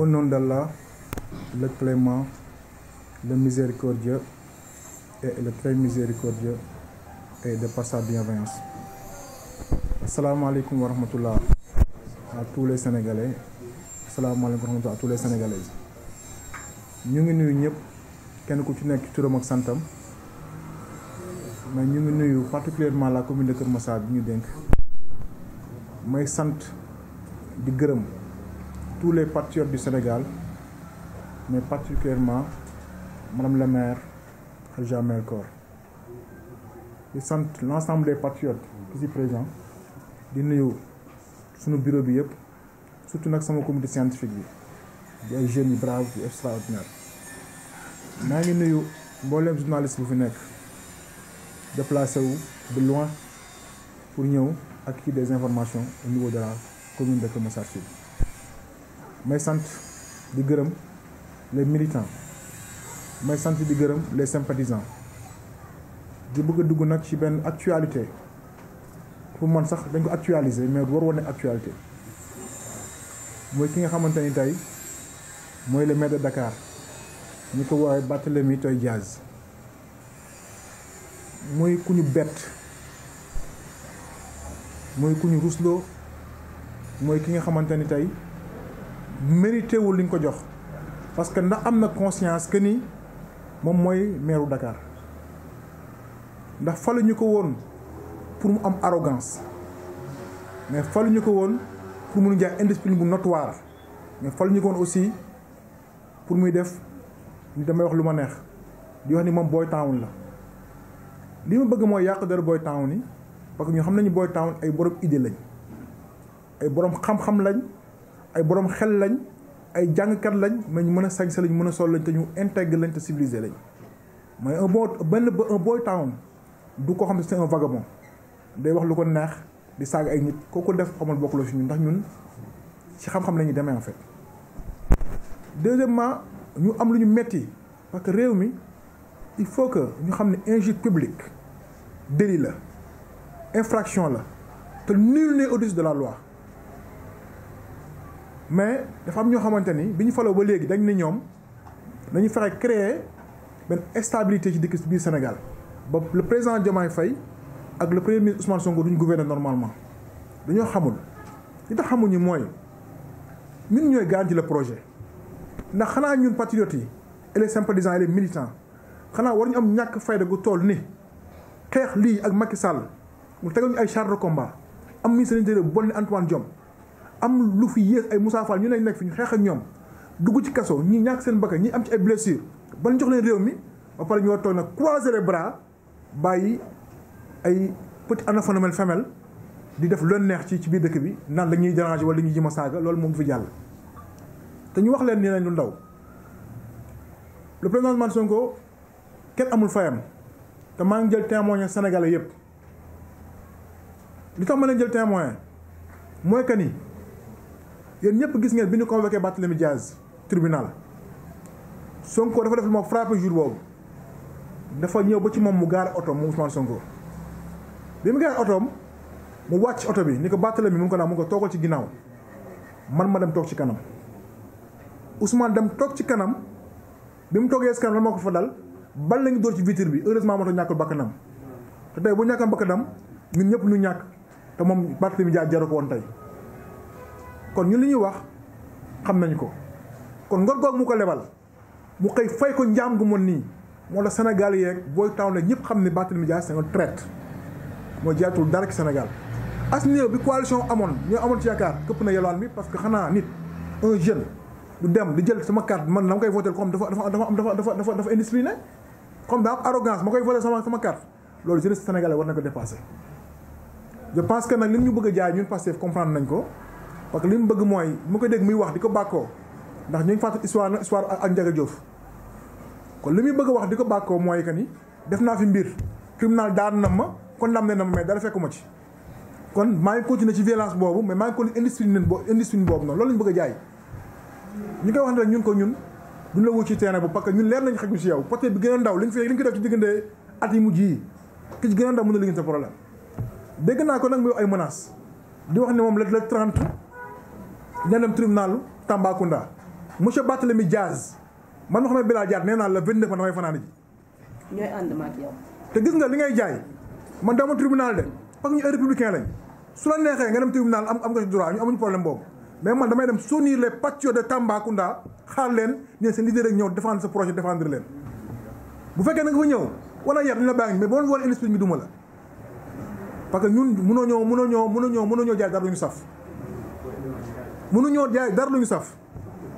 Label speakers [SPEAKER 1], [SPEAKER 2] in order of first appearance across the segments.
[SPEAKER 1] Au nom d'Allah, le clément, le miséricordieux et le très miséricordieux et de par sa bienveillance. Assalamu alaikum wa rahmatullah à tous les Sénégalais. Assalamu alaikum wa rahmatullah ñu ngi nuyu ñëpp kenn ku ci nekk ci turam ak santam mais ñu ngi nuyu particulièrement la commune de Kër Massar bi ñu dénk may sant di gërëm tous les patriotes du Sénégal mais particulièrement madame la maire Khadija Mel Koor sant l'ensemble des patriotes qui sont présents di nuyu suñu bureau bi yëpp surtout nag sama comité scientifique bi di ay jeunes yu brave yu extraordinaire maa ngi nuyu mboolem journaliste bu fi nekk def la wu de loin pour ñëw ak kii des informations au niveau de la commune de Keur Massar may sant di gërëm les militants may sant di gërëm les sympathisants di bëgg a dugg nag ci benn actualité pour man sax dañ ko actualiser mais war woon ne actualité mooy ki nga xamante ni tey mooy le maire de Dakar ñu ko woowee Barthélemy Toye Dias mooy ku ñu bett mooy ku ñu rusloo mooy ki nga xamante ni tey mérité wul li ñu ko jox parce que ndax am na conscience que ni moom mooy meeru Dakar ndax faluñu ko woon pour mu am arrogance mais faluñu ko woon pour mu indi indiscipline bu notoire mais faluñu ko woon aussi pour muy def ni damay wax lu ma neex di wax ni moom Boy Town la li ma bëgg mooy yàq dara Boy Town yi parce que ñu xam nañu Boy Town ay borom idée lañ ay boroom xam-xam lañ. ay borom xel lañ ay jàngkat lañ mais ñu mën a sañse lañ mën a sol lañ te ñu intègre lañ te civilisé lañ mais un bon benn un boy town du ko xam ne c'est un vagabond day wax lu ko neex di saaga ay nit kooku def xamal bokkuloo si ñun ndax ñun ci xam-xam la demee en fait. deuxièmement ñu am lu ñu metti parce que réew mi il faut que ñu xam ne injure publique délit la infraction la te nul n'est au-dessus de la loi. mais dafa am ñoo xamante ni bi ñu faloo ba léegi dañ ne ñoom dañu fexe créer benn stabilité ci dëkk biir Sénégal ba le président Diomaye Faye ak le premier ministre Ousmane Sonko duñ gouverner normalement dañoo xamul li tax xamuñu mooy ñun ñooy garanti le projet ndax xanaa ñun patriotes yi et les sympathisants et les xanaa war ñu am ñàkk fayda gu tool ni xeex lii ak Macky Sall mu tegal ñu ay chars de combat am ministre de l'Intérieur bon ni Antoine Diome am lu fi yées ay Moussa Fall ñu lay nekk fi ñu xeex ak ñoom dugg ci kaso ñi ñàkk seen bakkan ñi am ci ay blessure ba ñu jox leen réew mi ba pare ñoo toog nag croiser les bras bàyyi ay na anaphonamène femelle di def lu neex ci ci biir dëkk bi naan la ñuy déranger wala la ñuy jëma saaga loolu moom du fi jàll. te ñu wax leen nee nañ lu ndaw le président Ousmane Sonko kenn amul fayam te maa ngi jël témoin sénégalais yëpp li tax ma leen jël témoin mooy que ni. yéen ñëpp gis ngeen bi nu convoqué Barthélémy Diaz tribunal Sonko dafa def lu ma frappé jour boobu dafa ñëw ba ci moom mu gaar oto mu Ousmane Sonko bi mu gaar otoom mu wàcc oto bi ni ko Barthélémy mu ngi ko naan mu ngi ko toogal ci ginnaaw man ma dem toog ci kanam Ousmane dem toog ci kanam bi mu toogee ci kanam la moo ko fa dal bal la ñu dóor ci vitre bi heureusement moo tax ñàkkul bakkanam te tey bu ñàkkam bakkanam ñun ñëpp ñu ñàkk te moom Barthélémy Diaz jaru kon ñu li ñuy wax xam nañ ko kon ngor goog mu ko lebal mu xëy fay ko njaam gu mën nii moo la Sénégal yeeg booy taw la ñëpp xam ne Barthélémy Dias c'est un traître moo jaatul dara ci Sénégal as néew bi amoon ñoo amoon ci yaakaar na yelwaan bi parce que xanaa nit un jeune du jël sama carte man dama koy voté ko xam dafa dafa dafa dafa dafa dafa indiscipliné comme daa am arrogance ma koy voté sama sama carte loolu jeunesse sénégalaise war na ko dépassé je pense que nag li ñu bëgg a jaay ñun Pastef comprendre nañ ko parce que li mu bëgg mooy mu ko dégg muy wax di ko bàkkoo ndax ñu ngi fàttali histoire na histoire ak Ndiaga Diouf kon li muy bëgg wax di ko bàkkoo mooy que ni def naa fi mbir tribunal daan na ma condamné na ma mais dara fekkuma ci. kon maa ngi continuer ci violence boobu mais maa ngi continuer indiscipline boobu indiscipline boobu noonu loolu lañu bëgg a jaay ñu koy wax ne ñun ko ñun du la wut ci terrain bu parce que ñun leer nañ xaju si yow côté bi gën a ndaw li nga fi li nga ko at yi mujj yi ki ci gën a ndaw mën dégg naa ko nag muy ay menaces di wax ne moom le le trente ñu dem tribunal Tambacounda monsieur Barthélémy Diaz man Mouhamed Bilal Diagne nee naa la 29 man damay fanaan ji. ñooy ànd ma ak yow. te gis nga li ngay jaay man dama tribunal de parce que ñu ay républicain lañ su la neexee nga dem tribunal am am nga ci droit ñu amuñu problème boobu mais man damay dem soutenir les patriotes de Tambacounda xaar leen ne seen leader rek ñëw défendre sa projet défendre leen. bu fekkee na nga fa ñëw wala yar ni la bàyyi mais boo doon duma la parce que ñun mënoo ñëw mënoo ñëw mënoo ñëw mënoo ñëw jaay dara ñu mënuñoo jaay dara lu ñu saf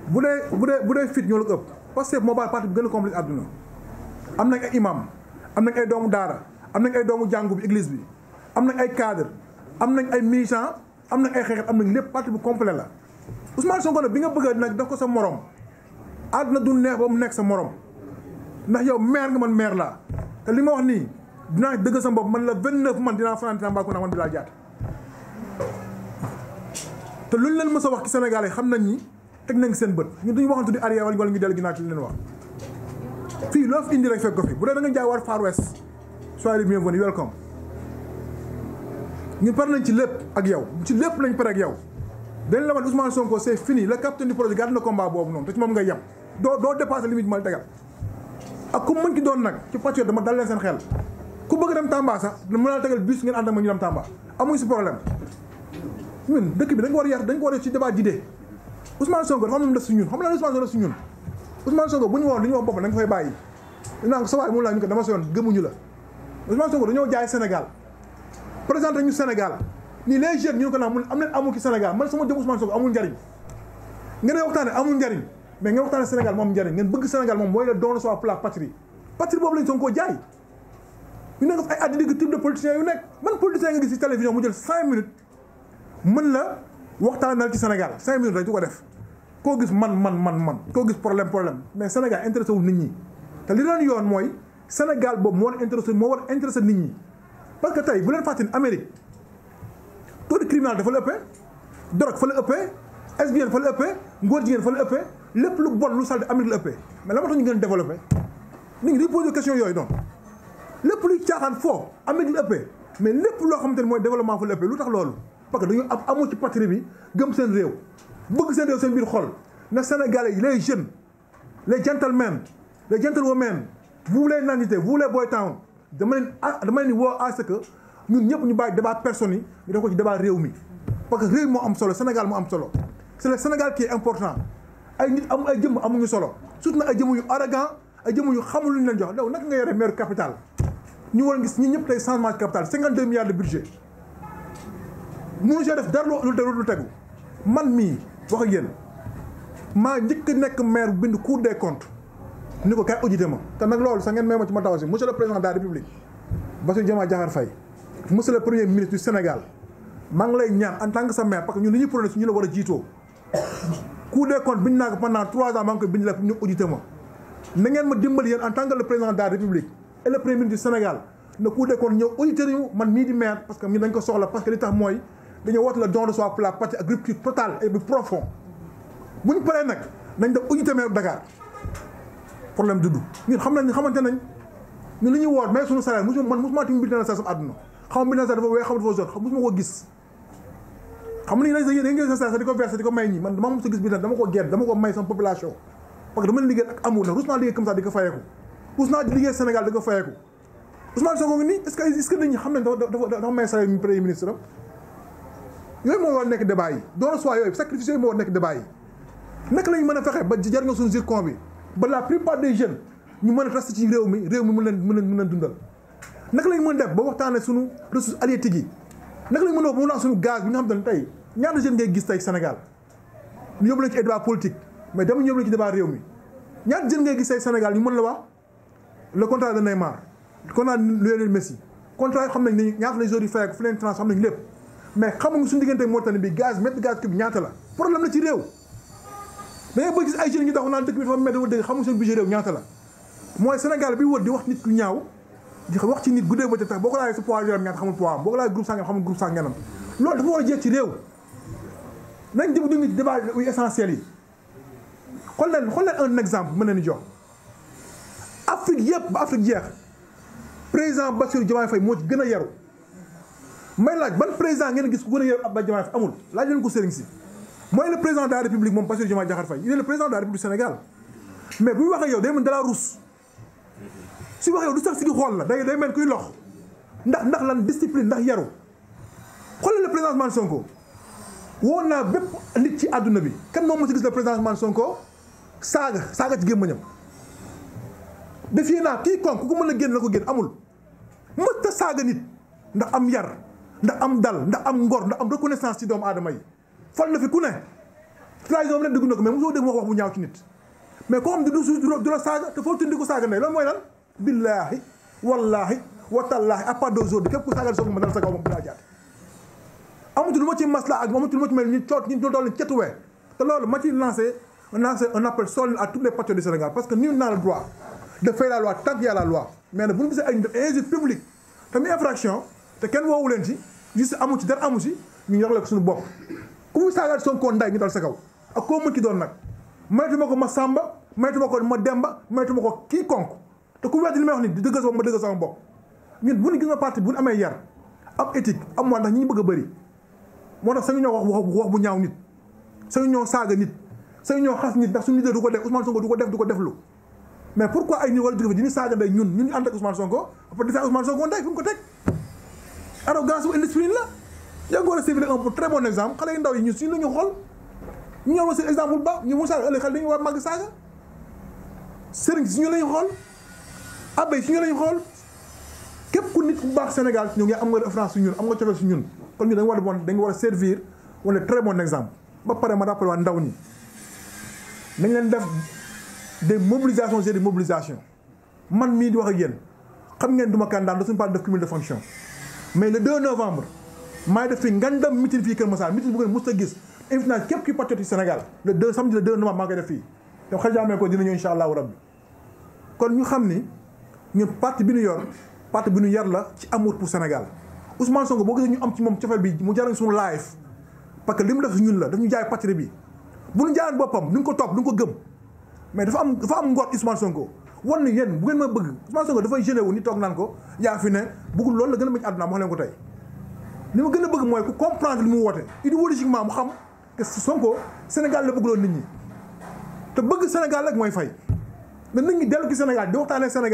[SPEAKER 1] bu dee bu dee bu dee fit ñoo la ëpp parce que moo baax parti bi gën a compliqué àdduna am nañ ay imam am nañ ay doomu daara am nañ ay doomu jàngu bi église bi am nañ ay cadre am nañ ay militant am nañ ay xeexet am nañ lépp parti bu complet la Ousmane Sonko ne bi nga bëggee nag def ko sa morom àdduna du neex ba mu nekk sa morom ndax yow maire nga man maire laa te li ma wax nii dinaa dëgg sa bopp man la 29 dinaa fanaan Tambacounda man bi laa jaat te luñ leen mës a wax ci Sénégal yi xam na ni teg nañ seen bët ñun duñu waxantu di arrière wala ñu dellu ginnaaw ci leen wax fii loo fi indi rek fekk ko fi bu dee da nga jaay war Far West soyez les bienvenus welcome ñu par nañ ci lépp ak yow ci lépp lañ pare ak yow dañ la wan Ousmane Sonko c'est fini le capitaine du projet gàtt na combat boobu noonu te ci moom nga yem doo doo dépassé limite ma ak ku mën ci doon nag ci patriote dama dal leen seen xel ku bëgg dem Tamba sax mën naa tegal bus ngeen ànd ak ma ñu dem Tamba amuñ si problème ñun dëkk bi dañ ko war a yar war a ci débat d'idée Ousmane Sonko dafa am lu def def si ñun Ousmane Sonko bu ñu waxoon li ñu wax boppam dañ ko fay bàyyi naan sa waay laa ñu ko dama soyoon gëmuñu la Ousmane Sonko dañoo jaay Sénégal présenté ñu Sénégal nii les jeunes ñu ne ko naan mun am leen amul ci Sénégal man sama jëm Ousmane Sonko amul njariñ ngeen waxtaane amul njariñ mais ngeen waxtaane Sénégal moom njariñ ngeen bëgg Sénégal moom mooy la doon mën la waxtaanal ci Sénégal cinq minutes rek du ko def koo gis man man man man koo gis problème problème mais Sénégal intéressé wul nit ñi te li doon yoon mooy Sénégal boobu moo war intéressé moo war intéressé nit ñi parce que tey bu leen fàttali Amérique taux de criminel dafa la ëppee drogue fa la ëppee SBN fa la ëppee ngóor jigéen fa la ëppee lépp lu bon lu salte Amérique la ëppee mais la moo tax ñu ngeen a développé nit ñi di posé question yooyu noonu lépp luy caaxaan foo Amérique la ëppee mais lépp loo xamante ne mooy développement fa la lu tax parce que dañu am amoo ci patrie bi gëm seen réew bëgg seen réew seen biir xol na Sénégalais yi les jeunes les gentlemen les gentlewomen vous les nannités vous les boy town dama a ah, dama leen woo à ce que ñun ñëpp ñu bàyyi débat personne yi ñu def ko ci débat réew mi parce que réew moo am solo Sénégal moo am solo c'est le Sénégal qui est important ay nit am ay jëmm amuñu solo surtout nag ay jëmm yu arrogant ay jëmm yu xamul lu jox daw naka nga yore maire capital ñu war a gis ñi de capital 52 mënu see def dara lu tegu lu tegu man mii wax ak yéen maa njëkk nekk maire bind cour des comptes ni ko kay audité ma te nag loolu sax ngeen may ma ci ma taw si monsieur le président de la république Bassirou Diomaye Diakhar Faye monsieur le premier ministre du Sénégal maa ngi lay ñaan en tant sa maire parce que ñun li ñuy prôné ñu la war a jiitoo cour des comptes bind naa ko pendant trois ans maa ngi koy bind la pour ñu audité ma na ngeen ma dimbali yéen en tant que le président de la république et le dañoo woote le don de soi pour la partie agriculture totale et bu profond bu ñu paree nag nañ def unité maire Dakar problème dudd ñun xam nañ xamante nañ ñun li ñuy woor mais suñu salaire mosu man mosuma tim bulletin de salaire sama àdduna xam bulletin de salaire dafa weex xam di ko may ñi man dama mos gis bulletin dama ko gedd dama ko may sama population parce dama liggéey ak amour nag rus naa liggéey comme ça di ko fayeeku rus naa liggéey Sénégal di ko fayeeku yooyu moo war nekk débat yi doon soit yooyu sacrifice yooyu moo a fexe ba jar nga suñu zircon bi ba la plupart des ñu mën a reste réew mi réew mi mën leen mën leen mën leen dundal naka lañ mën def ba waxtaanee suñu ressources halieutiques yi naka lañ mën a wax suñu gaz bi nga ne tey ñaata jeunes ngay gis tey Sénégal ñu yóbbu leen ci débat politique mais dama ñu yóbbu leen ci réew mi ñaata jeunes ngay gis tey Sénégal ñu mën la wax le contrat de Neymar le contrat de Lionel Messi contrat yoo xam nañ ne ñaata lay joueurs yi fay fu leen trans xam nañ lépp mais xamuñu suñu diggante Mauritanie bi gaz mètre gaz cube ñaata la problème la ci réew da ngay bëgg gis ay jeunes ñu taxaw naan dëkk bi dafa mel dëgg xamuñu seen budget réew ñaata la mooy Sénégal bi wër di wax nit ku ñaaw di wax ci nit guddee ba ca tax boo ko laajee sa poids yaram ñaata xamul poids am boo ko laajee groupe sàngam xamul groupe sàngam loolu dafa war a jeex ci réew nañ jëm duñu débat yu essentiel yi xool leen xool leen un exemple mën nañu jox moo gën a yaru may laaj ban président ngeen gis ku gën a yor Abdoulaye Diomaye laaj leen ko sëriñ si mooy le président de la république moom Bassirou Diomaye Diakhar Faye il est le président de la république Sénégal mais bu ñu waxee yow day mel da la ruus waxee yow du sax si ki xool la day day mel kuy lox ndax ndax lan discipline ndax yaru xoolal le président Ousmane Sonko woon naa bépp nit ci àdduna bi kenn moom moo si gis le président Ousmane Sonko saaga saaga ci gémmañam defee naa kii kon ku ko ko génn amul mësta saaga nit ndax am yar ndax am dal ndax am ngor ndax am reconnaissance ci doomu aadama yi fal na fi ku ne trahison bi ne dégg na ko mais mosoo dégg wax wax bu ñaaw ci nit mais ko am di du la saaga te foo képp ku saagal soo ma dal ma ak amatu lu ma ci mel ñu coot ñu dool ñu cetuwee te loolu que nul n'a le droit de faire la loi tant qu'il y a la infraction te kenn woowu leen ci juste amu ci dara amu ci ñu yorle ko suñu bopp ku mu saagaat Sonko nday ñu dal sa kaw ak koo mën ci doon nag maytuma ko ma sàmba maytuma ko ma demba maytuma ko kii konk te ku weddi li may wax ni di dëgg sama ma dëgg sama bopp ñun bu ñu gis na parti bu ñu amee yar ab éthique am moo ñu bëgg a bëri moo tax sañu ñoo wax bu ñaaw nit sañu ñoo saaga nit sañu ñoo xas nit ndax suñu leader du ko def Ousmane Sonko du ko def du ko def lu mais pourquoi ay nit war a jóge di ñu saaga nday ñun ñun ñu ànd ak Ousmane Sonko après di saa Ousmane Sonko nday fu ko teg arrogance bu indiscipline la yaa ngi war a servir un pour très ñu suñu ñu xool ñu ñor ma seen exemple bu baax ñu mu saaga ëllëg xale dañu war a màgg saaga sëriñ si ñu lañu xool abbé su ñu lañu xool képp ku nit ku baax Sénégal ñoo ngi am nga référence su ñun am nga cofeel su ñun kon ñu dañu war a bon dañu war servir wala très bon exemple ba pare ma rappelé waa ndaw ñi nañ leen def des mobilisations et des mobilisations man mii di wax ak yéen xam ngeen du ma candidat suñu parti def cumul de fonction mais le 2 novembre maay def fi ngandam meeting fii Kër Massar meeting bu ngeen mës a gis invité naa képp ki patriote yi Sénégal le 2 samedi le 2 novembre maa koy def fii te xel jaamee ko dina ñëw incha allahu rabbi kon ñu xam ni ñu parti bi ñu yor parti bi ñu yar la ci amour pour Sénégal Ousmane Sonko boo gisee ñu am ci moom cofeel bi mu jaral suñu live parce que li mu def ñun la daf ñu jaay patrie bi bu ñu jaayoon boppam du ñu ko topp du ñu ko gëm mais dafa am dafa am ngoot Ousmane Sonko wan na yéen bu ngeen ma bëgg Ousmane Sonko dafay gêné wu ni toog naan ko yaa fi ne bëggul loolu la gën a bëgg àdduna ma wax ko tey li ma gën a bëgg mooy ku comprendre li mu woote idéologiquement mu xam que Sonko Sénégal la bëgguloon nit ñi te bëgg Sénégal rek mooy fay na nit ñi dellu ci Sénégal di waxtaanee Sénégal